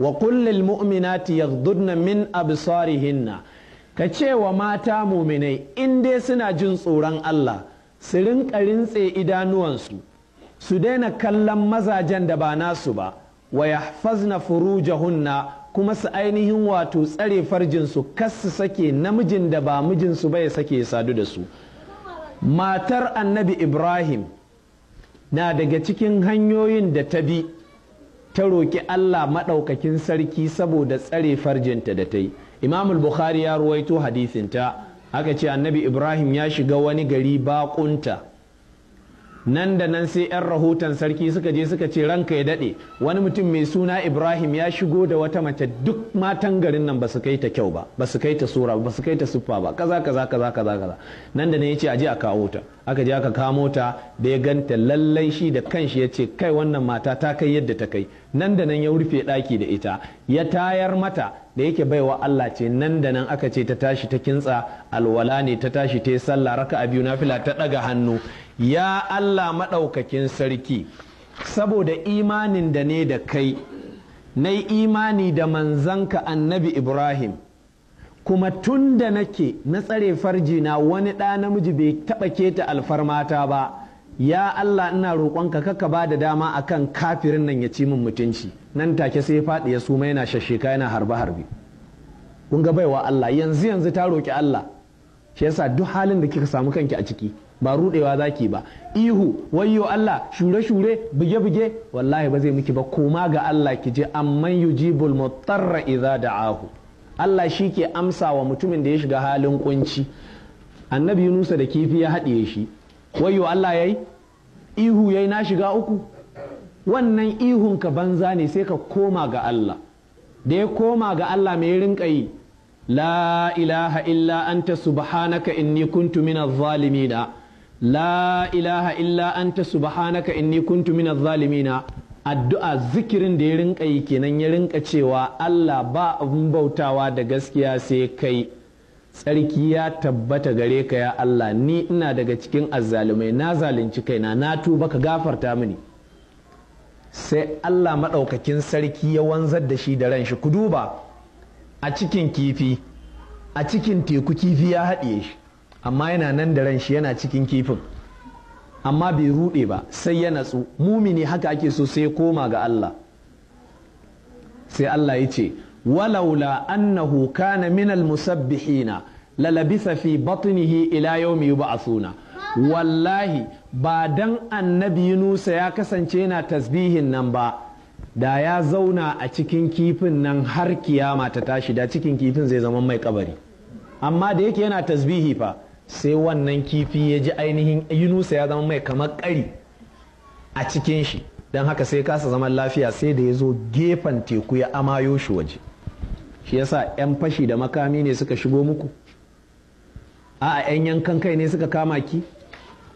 wa kullil mu'minati yaghdudna min absarihinna ka ce wa mata muminai in dai suna jin tsoron Allah su rinka rintse idanuwansu su daina kallon mazajen da ba nasu ba wa yahfazna furujahunna kuma su ainihin wato tsare farjinsu kas su sake namijin da ba mijinsu ba ya sake sadu da su matar annabi ibrahim na daga cikin hanyoyin da ta bi ta roƙi Allah maɗaukakin sarki saboda tsare farjinta da ta yi imam bukhari ya ruwaito hadisinta aka ce annabi ibrahim ya shiga wani gari baƙunta nan da nan sai 'yan rahoton sarki suka je suka ce ranka ya daɗe wani mutum mai suna ibrahim ya shigo da wata mace duk matan garin nan ba su kai ta kyau ba ba su kai ta sura ba su kai ta siffa ba kaza kaza kaza kaza kaza nan da nan ya ce aje a kawo ta aka je aka kamo ta da ya ganta lallai shi da kanshi ya ce kai wannan mata ta kai yadda ta kai nan da nan ya rufe ɗaki da ita ya tayar mata da yake baiwa Allah ce nan da nan aka ce ta tashi ta kintsa alwala ne ta tashi ta yi sallah raka a biyu nafila ta ɗaga hannu ya Allah maɗaukakin sarki saboda imanin da ne da kai na imani da manzanka annabi Ibrahim kuma tun da nake na tsare farji na wani ɗa namiji bai taɓa keta alfarmata ba ya Allah ina roƙonka kaka ba da dama akan kafirin nan ya ci min mutunci nan take sai ya faɗi ya suma yana shasheka yana harbe harbe kun ga baiwa Allah yanzu yanzu ta roki Allah shi yasa duk halin da kika samu kanki a ciki ba rudewa zaki ba ihu wayyo Allah shure shure buge buge wallahi ba zai miki ba koma ga Allah ki je amman yujibul mutarra idza da'ahu Allah shi ke amsa wa mutumin da ya shiga halin kunci annabi Yunusa da kifi ya haɗiye shi wayo Allah ya yi? ihu ya yi na shiga uku wannan ihun ka banza ne sai ka koma ga Allah da ya koma ga Allah mai rinka yi la ilaha illa anta subhanaka inni kuntu minaz zalimina la ilaha illa anta subhanaka inni kuntu minaz zalimina addu'a zikirin da ya rinka yi kenan ya rinka cewa Allah ba abin bautawa da gaskiya sai kai tsarki ya tabbata gare ka ya Allah ni ina daga cikin azzalumai na zalunci kaina na tuba ka gafarta mini sai Allah maɗaukakin sarki ya wanzar da shi da ran shi ku duba a cikin kifi a cikin teku kifi ya haɗiye shi amma yana nan da ran shi yana cikin kifin amma bai ruɗe ba sai ya natsu mumini haka ake so sai ya koma ga Allah sai Allah ya ce walaula annahu kanaminal minal musabbihina lalabisa fi batnihi ila yawmi yub'athuna wallahi ba dan annabi Yunusa ya kasance yana tasbihin nan ba da ya zauna a cikin kifin nan har kiyama ta tashi da cikin kifin zai zama mai kabari amma da yake yana tasbihi fa sai wannan kifi ya ji ainihin Yunusa ya zama mai kamar kari a cikin shi don haka sai kasa zaman lafiya sai da ya zo gefen teku ya amayo shi waje shi yasa 'yan fashi da makami ne suka shigo muku a 'yan yankan kai ne suka kama ki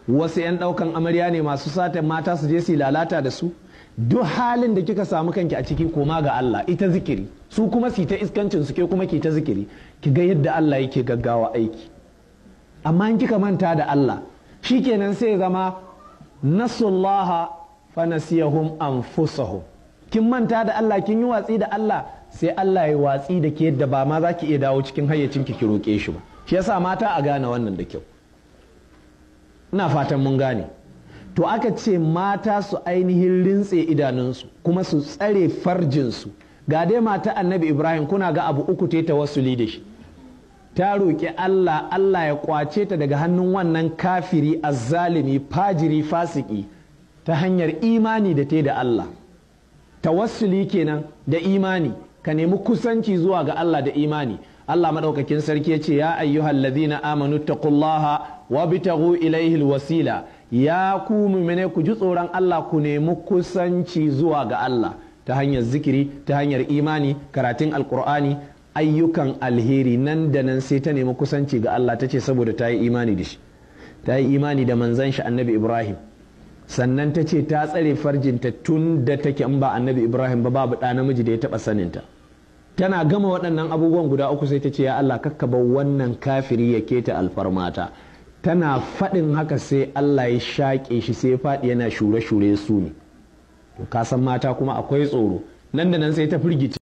wasu 'yan ɗaukan amarya ne masu satan mata su je su lalata da su duk halin da kika samu kanki a ciki koma ga Allah ita zikiri su kuma su ta iskancin su ke kuma ki ta zikiri ki ga yadda Allah yake gaggawa aiki amma in kika manta da Allah shikenan sai zama nasullaha fa nasiyahum anfusahum kin manta da Allah kin yi watsi da Allah sai Allah ya watsi da ke yadda ba ma za ki iya dawo cikin hayyacin ki roƙe shi ba shi yasa mata a gane wannan da kyau ina fatan mun gane to aka ce mata su ainihin rintse idanunsu kuma su tsare farjinsu ga dai mata annabi ibrahim kuna ga abu uku ta ta wasuli da shi ta roƙi Allah Allah ya kwace ta daga hannun wannan kafiri azzalimi fajiri fasiki ta hanyar imani da ta da Allah tawassuli kenan da imani ka nemi kusanci zuwa ga Allah da imani Allah madaukakin sarki ce ya ayyuhal ladhina amanu taqullaha wabtaghu ilayhi alwasila ya ku mu'mine ku ji tsoron Allah ku nemi kusanci zuwa ga Allah ta hanyar zikiri ta hanyar imani karatun alqur'ani ayyukan alheri nan da nan sai ta nemi kusanci ga Allah tace saboda ta yi imani da shi ta yi imani da manzon shi annabi Ibrahim sannan ta ce ta tsare farjinta tun da take in ba annabi Ibrahim ba babu ɗa namiji da ya taɓa saninta. tana gama waɗannan abubuwan guda uku sai ta ce ya Allah bar wannan kafiri ya keta alfarmata tana faɗin haka sai Allah ya shaƙe shi sai faɗi yana shure-shure su ne to ka san mata kuma akwai tsoro nan da nan sai ta firgice